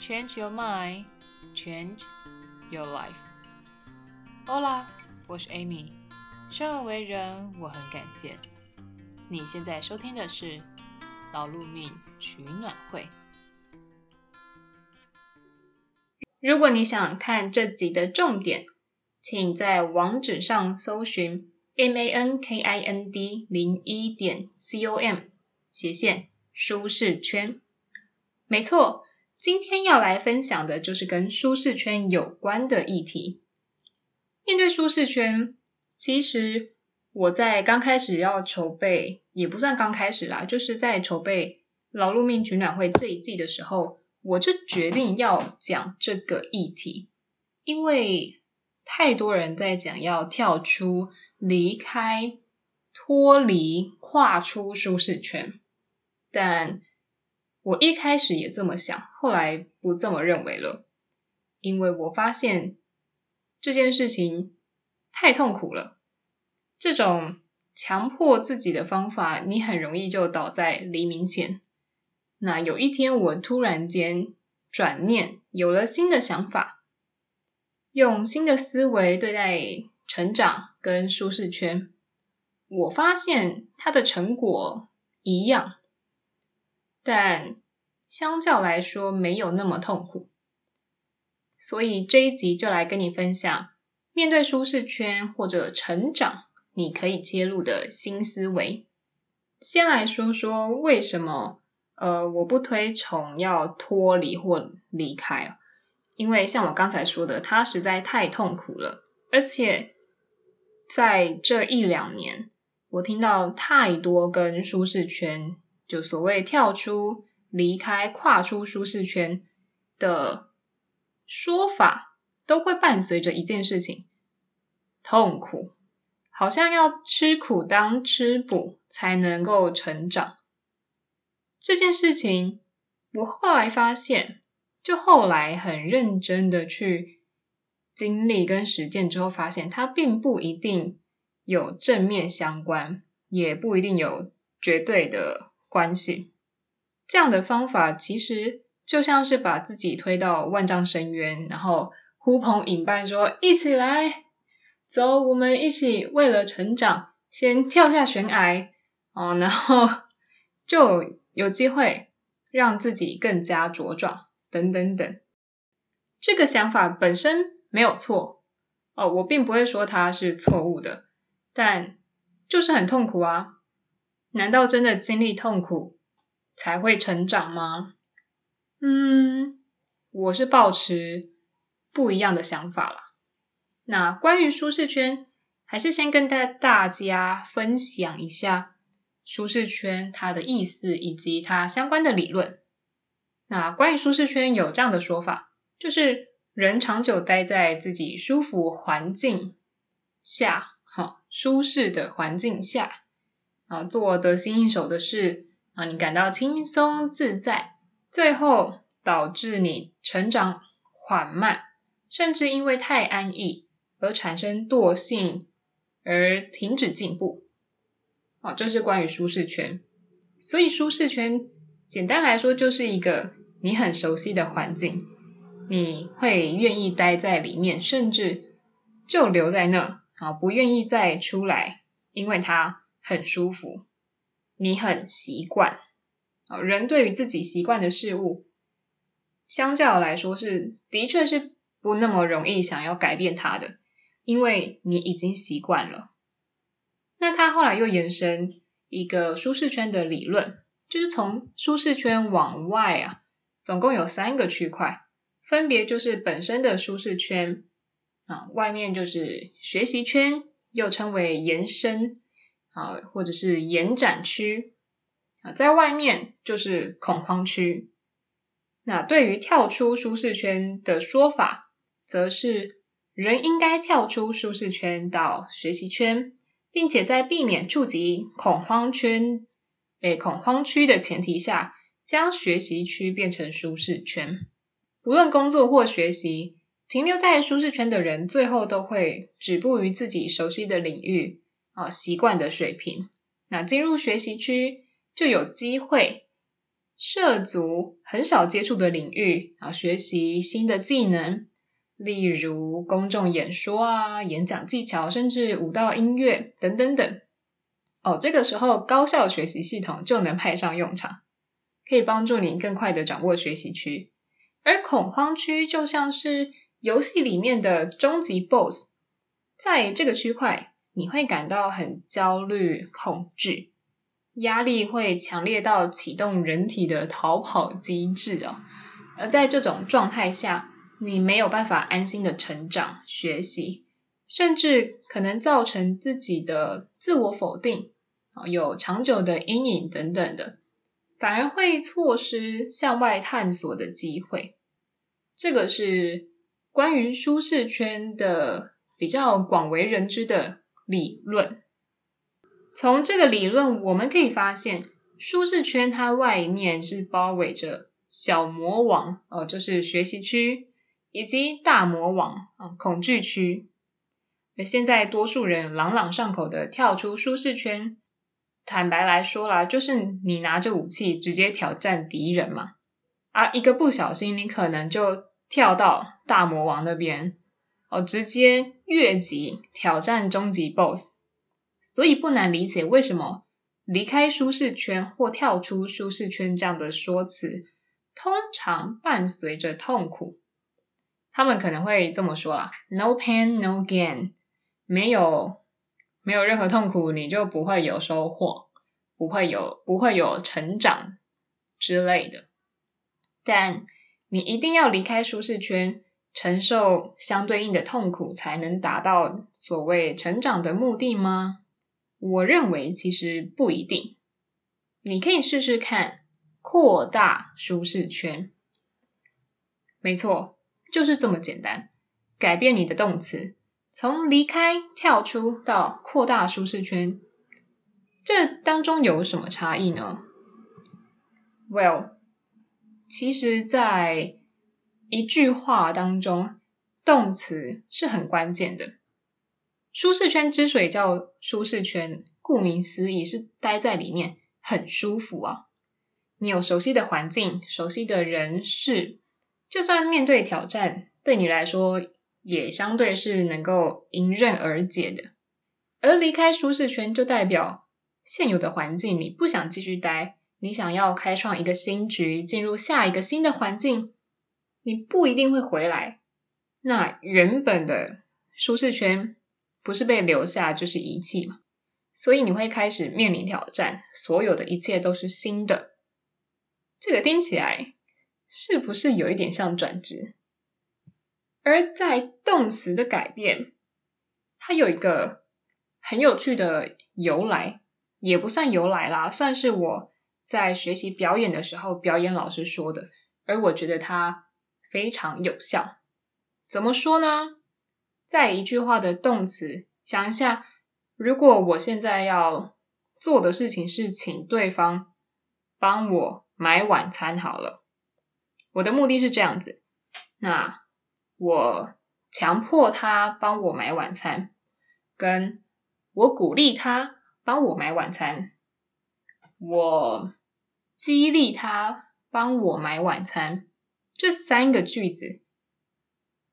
Change your mind, change your life. Hola，我是 Amy。生而為人，我很感謝。你現在收聽的是《勞碌命取暖會》。如果你想看這集的重點，請在網址上搜尋 mankind 零一點 com 斜線舒適圈。沒錯。今天要來分享的就是跟舒適圈有關的議題。面對舒適圈，其實我在剛開始要籌備，也不算剛開始啦，就是在籌備《勞碌命取暖會》這一季的時候，我就決定要講這個議題，因為太多人在講要跳出、離開、脫離、跨出舒適圈，但。我一開始也這麼想，後來不這麼認為了，因為我發現這件事情太痛苦了。這種強迫自己的方法，你很容易就倒在黎明前。那有一天，我突然間轉念，有了新的想法，用新的思維對待成長跟舒適圈，我發現它的成果一樣。但相較來說，沒有那麼痛苦，所以這一集就來跟你分享，面對舒適圈或者成長，你可以切入的新思維。先來說說為什麼，呃，我不推崇要脫離或離開啊，因為像我剛才說的，它實在太痛苦了，而且在這一兩年，我聽到太多跟舒適圈。就所謂跳出、離開、跨出舒適圈的說法，都會伴隨着一件事情：痛苦。好像要吃苦當吃補，才能夠成長。這件事情，我後來發現，就後來很認真的去經歷跟實踐之後，發現它並不一定有正面相關，也不一定有絕對的。關係。這樣的方法其實就像是把自己推到萬丈深淵，然後呼朋引伴說一起來，走，我們一起為了成長，先跳下懸崖哦，然後就有機會讓自己更加茁壯等等等。這個想法本身沒有錯哦，我並不會說它是錯誤的，但就是很痛苦啊。難道真的經歷痛苦才會成長嗎？嗯，我是抱持不一樣的想法了。那關於舒適圈，還是先跟大大家分享一下舒適圈它的意思以及它相關的理論。那關於舒適圈，有這樣的說法，就是人長久待在自己舒服環境下，哈，舒適的環境下。啊，做得心應手的事啊，你感到輕鬆自在，最後導致你成長緩慢，甚至因為太安逸而產生惰性，而停止進步。啊，這是關於舒適圈。所以，舒適圈簡單來說就是一個你很熟悉的環境，你會願意待在裡面，甚至就留在那啊，不願意再出來，因為它。很舒服，你很習慣啊。人對於自己習慣的事物，相較來說是的確是不那麼容易想要改變它的，因為你已經習慣了。那他後來又延伸一個舒適圈的理論，就是從舒適圈往外啊，總共有三個區塊，分別就是本身的舒適圈啊，外面就是學習圈，又稱為延伸。啊，或者是延展區啊，在外面就是恐慌區。那對於跳出舒適圈的說法，則是人應該跳出舒適圈到學習圈，並且在避免觸及恐慌圈，誒、欸、恐慌區的前提下，將學習區變成舒適圈。不論工作或學習，停留在舒適圈的人，最後都會止步於自己熟悉的領域。啊，習慣的水平，那進入學習區就有機會涉足很少接觸的領域，啊，學習新的技能，例如公眾演說啊、演講技巧，甚至舞蹈、音樂等等等。哦，這個時候高效學習系統就能派上用場，可以幫助您更快的掌握學習區。而恐慌區就像是遊戲裡面的終極 BOSS，在這個區塊，你會感到很焦慮、恐懼，壓力會強烈到啟動人體的逃跑機制哦。而在這種狀態下，你沒有辦法安心地成長、學習，甚至可能造成自己的自我否定，有長久的陰影等等的，反而會錯失向外探索的機會。這個是關於舒適圈的比較廣為人知的理論。從這個理論我們可以發現，舒適圈它外面是包圍着小魔王哦、呃，就是學習區以及大魔王，啊，恐懼區。現在多數人朗朗上口的跳出舒適圈，坦白來說啦，就是你拿着武器直接挑戰敵人嘛，啊一個不小心你可能就跳到大魔王那邊。哦，直接越級挑戰終極 BOSS，所以不難理解為什麼離開舒適圈或跳出舒適圈這樣的說辭，通常伴隨着痛苦。他們可能會這麼說啦：“No pain, no gain。”沒有沒有任何痛苦，你就不會有收穫，不會有不會有成長之類的。但你一定要離開舒適圈。承受相對應的痛苦，才能達到所謂成長的目的嗎？我認為其實不一定。你可以試試看擴大舒適圈。沒錯，就是這麼簡單。改變你的動詞，從離開、跳出到擴大舒適圈。這當中有什麼差異呢？Well，其實在一句話當中，動詞是很關鍵的。舒適圈之所以叫舒適圈，顧名思義是待在裡面很舒服啊。你有熟悉的環境、熟悉的人事，就算面對挑戰，對你來說也相對是能夠迎刃而解的。而離開舒適圈，就代表現有的環境你不想繼續待，你想要開創一個新局，進入下一個新的環境。你不一定會回來，那原本的舒適圈不是被留下就是遺棄嘛。所以你會開始面臨挑戰，所有的一切都是新的。這個聽起來是不是有一點像轉職？而在動詞的改變，它有一個很有趣的由來，也不算由來啦，算是我在學習表演的時候，表演老師說的，而我覺得它非常有效，怎麼說呢？在一句話的動詞，想一下，如果我現在要做的事情是請對方幫我買晚餐，好了，我的目的是這樣子。那我強迫他幫我買晚餐，跟我鼓勵他幫我買晚餐，我激勵他幫我買晚餐。這三個句子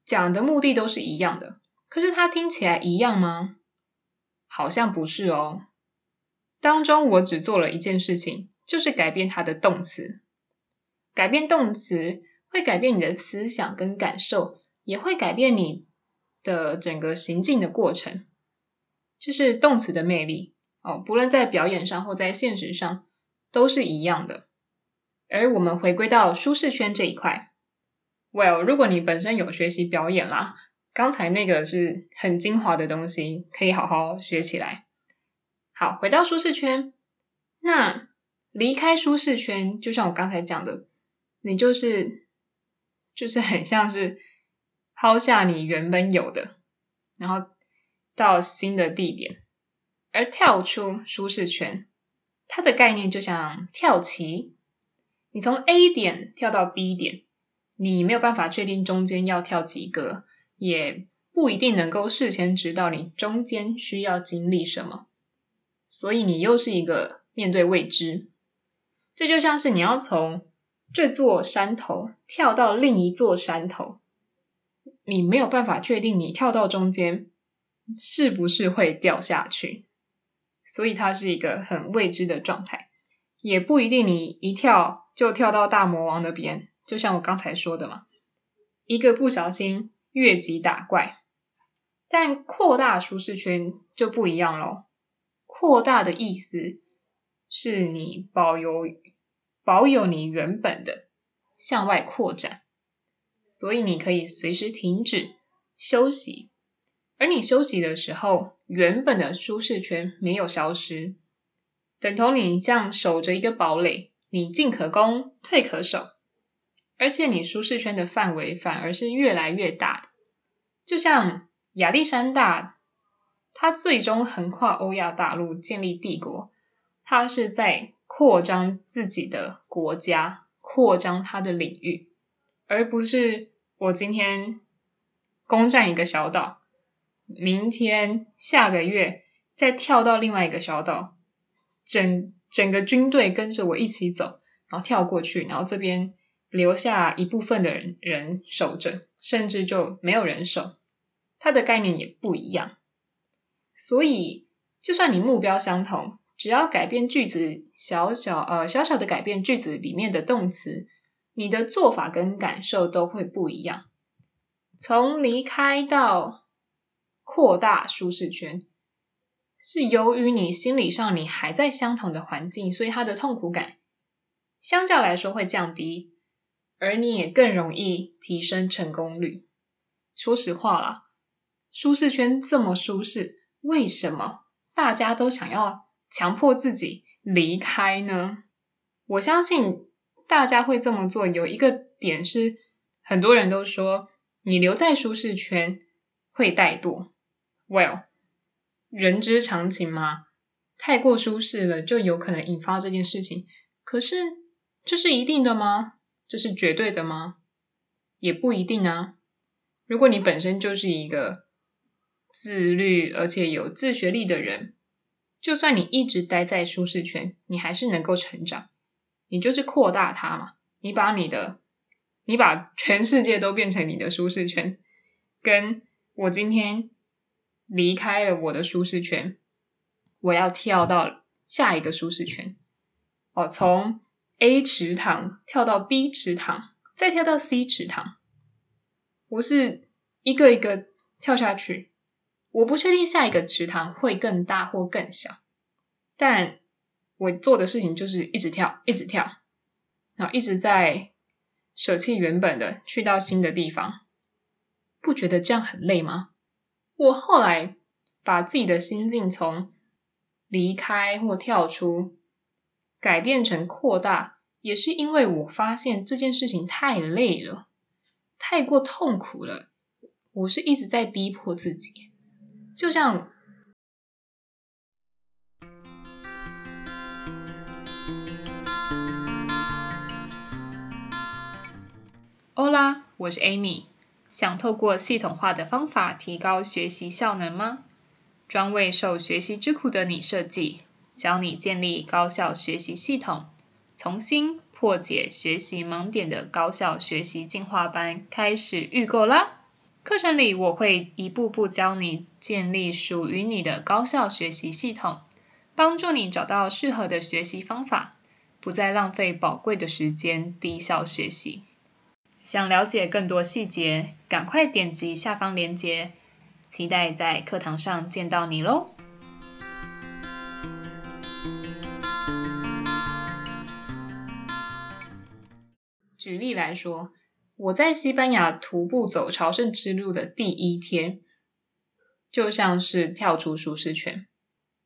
講的目的都是一樣的，可是它聽起來一樣嗎？好像不是哦。當中我只做了一件事情，就是改變它的動詞。改變動詞會改變你的思想跟感受，也會改變你的整個行進的過程。就是動詞的魅力哦，不論在表演上或在現實上都是一樣的。而我們回歸到舒適圈這一塊。Well，如果你本身有學習表演啦，剛才那個是很精華的東西，可以好好學起來。好，回到舒適圈，那離開舒適圈，就像我剛才講的，你就是就是很像是拋下你原本有的，然後到新的地點，而跳出舒適圈，它的概念就像跳棋，你從 A 點跳到 B 點。你沒有辦法確定中間要跳幾格，也不一定能夠事前知道你中間需要經歷什麼，所以你又是一個面對未知。這就像是你要從這座山頭跳到另一座山頭，你沒有辦法確定你跳到中間是不是會掉下去，所以它是一個很未知的狀態，也不一定你一跳就跳到大魔王那邊。就像我剛才說的嘛，一個不小心越級打怪，但擴大舒適圈就不一樣咯。擴大的意思是你保有保有你原本的向外擴展，所以你可以隨時停止休息，而你休息的時候，原本的舒適圈沒有消失，等同你像守着一個堡壘，你進可攻，退可守。而且你舒適圈的範圍反而是越來越大的，就像亞歷山大，他最終橫跨歐亞大陸建立帝國，他是在擴張自己的國家，擴張他的領域，而不是我今天攻占一個小島，明天下個月再跳到另外一個小島，整整個軍隊跟着我一起走，然後跳過去，然後這邊。留下一部分的人人守着，甚至就沒有人守，它的概念也不一樣。所以，就算你目標相同，只要改變句子，小小，呃，小小的改變句子裡面的動詞，你的做法跟感受都會不一樣。從離開到擴大舒適圈，是由於你心理上你還在相同的環境，所以它的痛苦感相較來說會降低。而你也更容易提升成功率。說實話啦，舒適圈這麼舒適，為什麼大家都想要強迫自己離開呢？我相信大家會這麼做，有一個點是很多人都說，你留在舒適圈會怠惰。Well，人之常情嘛，太過舒適了，就有可能引發這件事情。可是這是一定的嗎？這是絕對的嗎？也不一定啊。如果你本身就是一個自律而且有自學力的人，就算你一直待在舒適圈，你還是能夠成長。你就是擴大它嘛，你把你的，你把全世界都變成你的舒適圈。跟我今天離開了我的舒適圈，我要跳到下一個舒適圈。哦，從。A 池塘跳到 B 池塘，再跳到 C 池塘，我是一個一個跳下去。我不確定下一個池塘會更大或更小，但我做的事情就是一直跳，一直跳，然後一直在捨棄原本的，去到新的地方。不覺得這樣很累嗎？我後來把自己的心境從離開或跳出。改變成擴大，也是因為我發現這件事情太累了，太過痛苦了。我是一直在逼迫自己，就像歐拉，Hola, 我是 Amy，想透過系統化的方法提高學習效能嗎？專為受學習之苦的你設計。教你建立高效學習系統，重新破解學習盲點的高效學習進化班開始預購啦！課程裡我會一步步教你建立屬於你的高效學習系統，幫助你找到適合的學習方法，不再浪費寶貴的時間低效學習。想了解更多細節，趕快點擊下方鏈接，期待在課堂上見到你嘍！舉例來說，我在西班牙徒步走朝聖之路的第一天，就像是跳出舒適圈。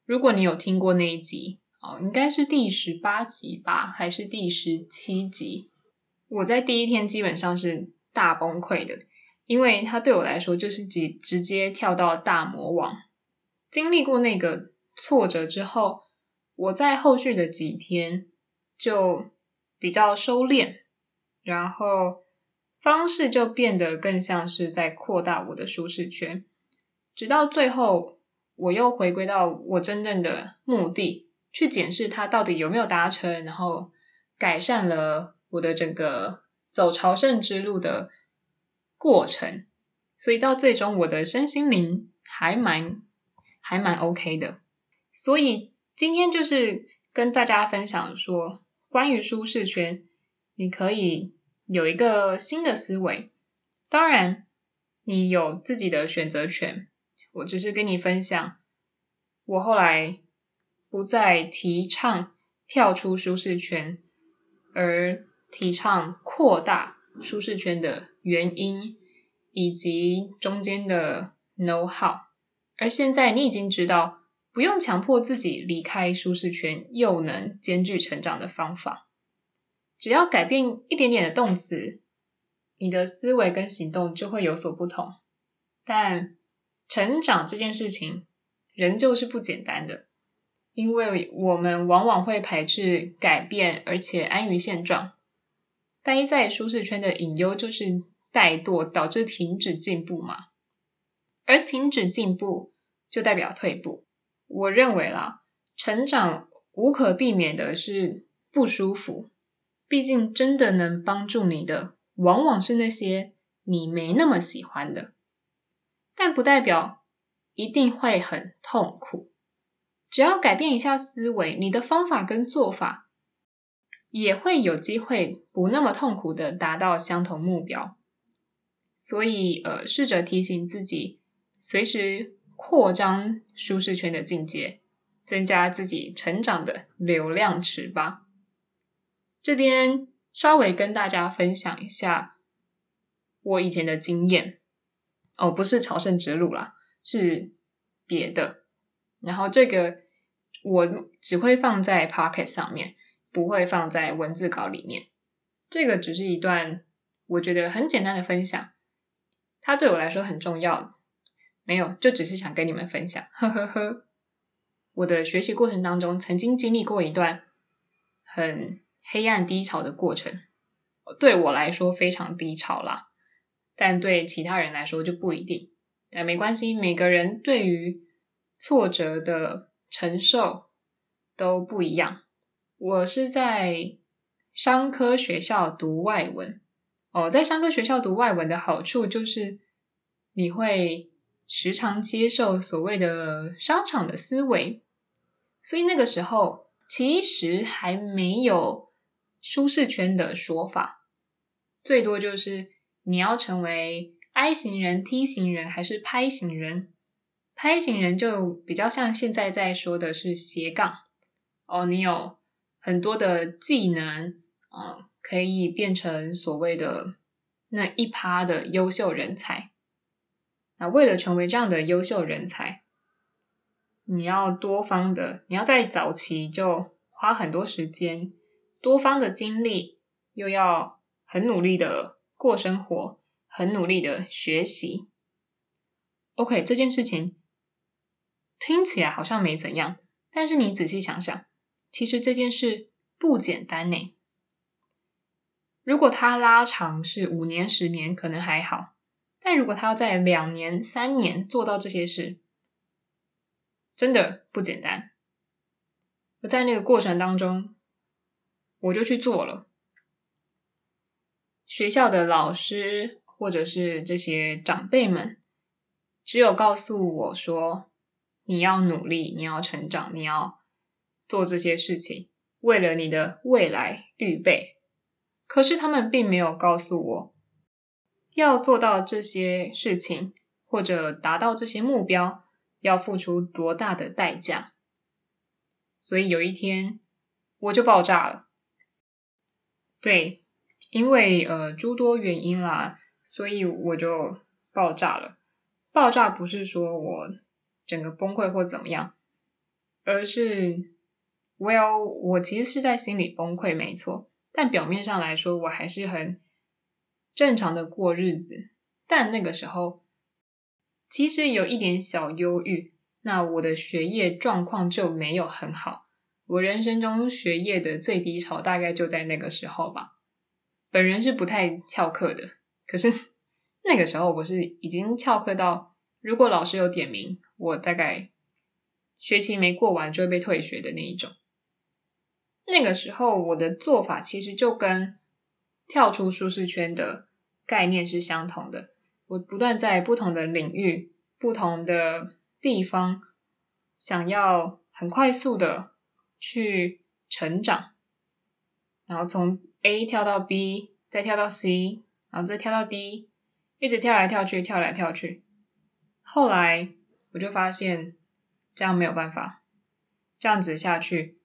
如果你有聽過那一集，哦，應該是第十八集吧，還是第十七集？我在第一天基本上是大崩潰的，因為它對我來說就是直直接跳到大魔王。經歷過那個挫折之後，我在後續的幾天就比較收斂。然後方式就變得更像是在擴大我的舒適圈，直到最後我又回歸到我真正的目的，去檢視它到底有沒有達成，然後改善了我的整個走朝聖之路的過程。所以到最終，我的身心靈還蠻還蠻 OK 的。所以今天就是跟大家分享說，關於舒適圈，你可以。有一個新的思維，當然你有自己的選擇權。我只是跟你分享，我後來不再提倡跳出舒適圈，而提倡擴大舒適圈的原因以及中間的 know-how。而現在你已經知道，不用強迫自己離開舒適圈，又能兼具成長的方法。只要改變一點點的動詞，你的思維跟行動就會有所不同。但成長這件事情仍舊是不簡單的，因為我們往往會排斥改變，而且安於現狀，待在舒適圈的隱憂就是怠惰，導致停止進步嘛。而停止進步就代表退步。我認為啦，成長無可避免的是不舒服。畢竟，真的能幫助你的，往往是那些你沒那麼喜歡的，但不代表一定會很痛苦。只要改變一下思維，你的方法跟做法也會有機會不那麼痛苦地達到相同目標。所以，呃，試着提醒自己，隨時擴張舒適圈的境界，增加自己成長的流量池吧。這邊稍微跟大家分享一下我以前的經驗哦，不是朝聖之路啦，是別的。然後這個我只會放在 Pocket 上面，不會放在文字稿裡面。這個只是一段我覺得很簡單的分享，它對我來說很重要。沒有，就只是想跟你們分享，呵呵呵。我的學習過程當中，曾經經歷過一段很黑暗低潮的過程，對我來說非常低潮啦，但對其他人來說就不一定。但沒關係，每個人對於挫折的承受都不一樣。我是在商科學校讀外文哦，在商科學校讀外文的好處就是你會時常接受所謂的商場的思維，所以那個時候其實還沒有。舒適圈的說法，最多就是你要成為 I 型人、T 型人，還是拍型人？拍型人就比較像現在在說的是斜槓哦。你有很多的技能，啊、哦，可以變成所謂的那一趴的優秀人才。那為了成為這樣的優秀人才，你要多方的，你要在早期就花很多時間。多方的經歷，又要很努力的過生活，很努力的學習。OK，這件事情聽起來好像沒怎樣，但是你仔細想想，其實這件事不簡單呢。如果他拉長是五年、十年，可能還好；但如果他要在兩年、三年做到這些事，真的不簡單。而在那個過程當中，我就去做了。學校的老師或者是這些長輩們，只有告訴我說，你要努力，你要成長，你要做這些事情，為了你的未來預備。可是他們並沒有告訴我，要做到這些事情或者達到這些目標要付出多大的代價。所以有一天我就爆炸了。對，因為呃諸多原因啦、啊，所以我就爆炸了。爆炸不是說我整個崩潰或怎麼樣，而是，Well，我其實是在心裡崩潰，沒錯。但表面上來說，我還是很正常的過日子。但那個時候，其實有一點小憂鬱。那我的學業狀況就沒有很好。我人生中學業的最低潮大概就在那個時候吧。本人是不太翹課的，可是那個時候我是已經翹課到，如果老師有點名，我大概學期沒過完就會被退學的那一種。那個時候我的做法其實就跟跳出舒適圈的概念是相同的。我不斷在不同的領域、不同的地方，想要很快速的。去成長，然後從 A 跳到 B，再跳到 C，然後再跳到 D，一直跳來跳去，跳來跳去。後來我就發現這樣沒有辦法，這樣子下去，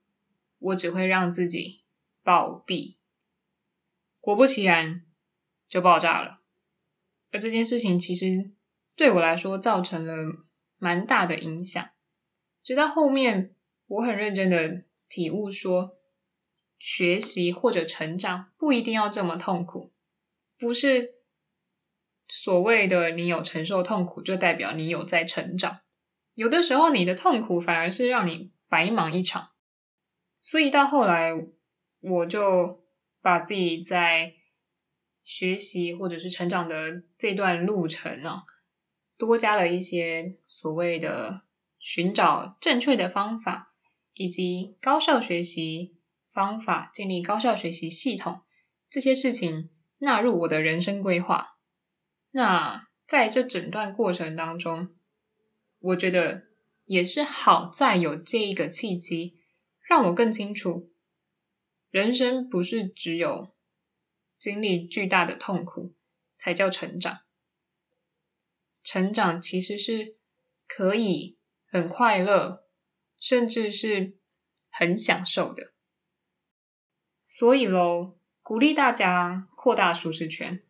我只會讓自己暴斃。果不其然，就爆炸了。而這件事情其實對我來說造成了蠻大的影響，直到後面。我很認真的體悟說，學習或者成長不一定要這麼痛苦，不是所謂的你有承受痛苦就代表你有在成長，有的時候你的痛苦反而是讓你白忙一場。所以到後來，我就把自己在學習或者是成長的這段路程呢、啊，多加了一些所謂的尋找正確的方法，以及高效學習方法，建立高效學習系統，這些事情納入我的人生規劃。那在這整段過程當中，我覺得也是好在有這一個契機，讓我更清楚，人生不是只有經歷巨大的痛苦才叫成長。成長其實是可以很快樂。甚至是很享受的，所以嘍，鼓勵大家擴大舒適圈，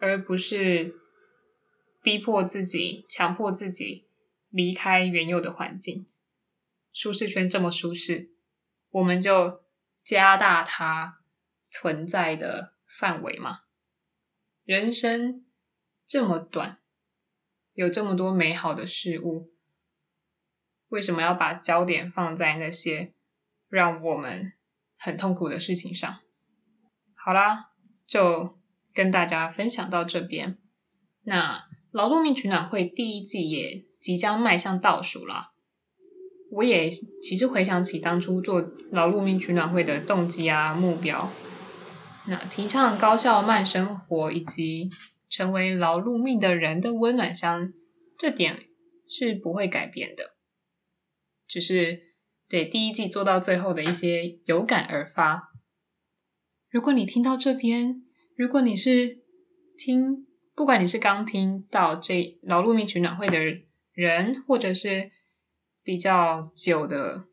而不是逼迫自己、強迫自己離開原有的環境。舒適圈這麼舒適，我們就加大它存在的範圍嘛。人生這麼短，有這麼多美好的事物。為什麼要把焦點放在那些讓我們很痛苦的事情上？好啦，就跟大家分享到這邊。那勞碌命取暖會第一季也即將邁向倒數了。我也其實回想起當初做勞碌命取暖會的動機啊、目標，那提倡高效慢生活以及成為勞碌命的人的溫暖箱，這點是不會改變的。就是對第一季做到最後的一些有感而發。如果你聽到這邊，如果你是聽，不管你是剛聽到這《勞碌命取暖會》的人，或者是比較久的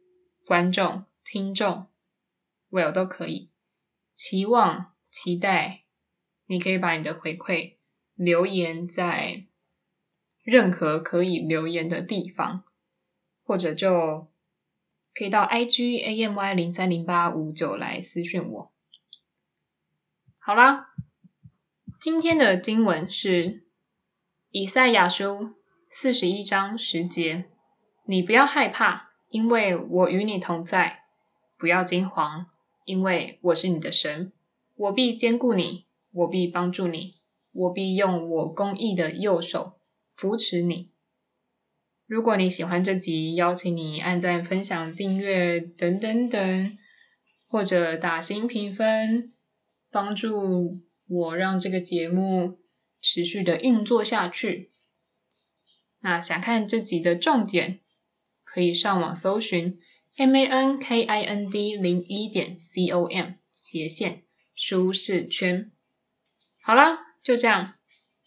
觀眾、聽眾，Well 都可以期望、期待，你可以把你的回饋留言在任何可以留言的地方。或者就可以到 IG amy030859 來私訊我。好啦，今天的經文是《以賽亞書》四十一章十節：“你不要害怕，因為我與你同在；不要驚惶，因為我是你的神，我必堅固你，我必幫助你，我必用我公義的右手扶持你。”如果你喜歡這集，邀請你按讚、分享、訂閱等等等，或者打星評分，幫助我讓這個節目持續的運作下去。那想看這集的重點，可以上網搜尋 m a n k i n d 零一點 c o m 斜線舒適圈。好啦，就這樣。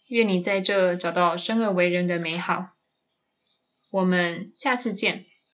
願你在這找到生而為人的美好。我們下次見。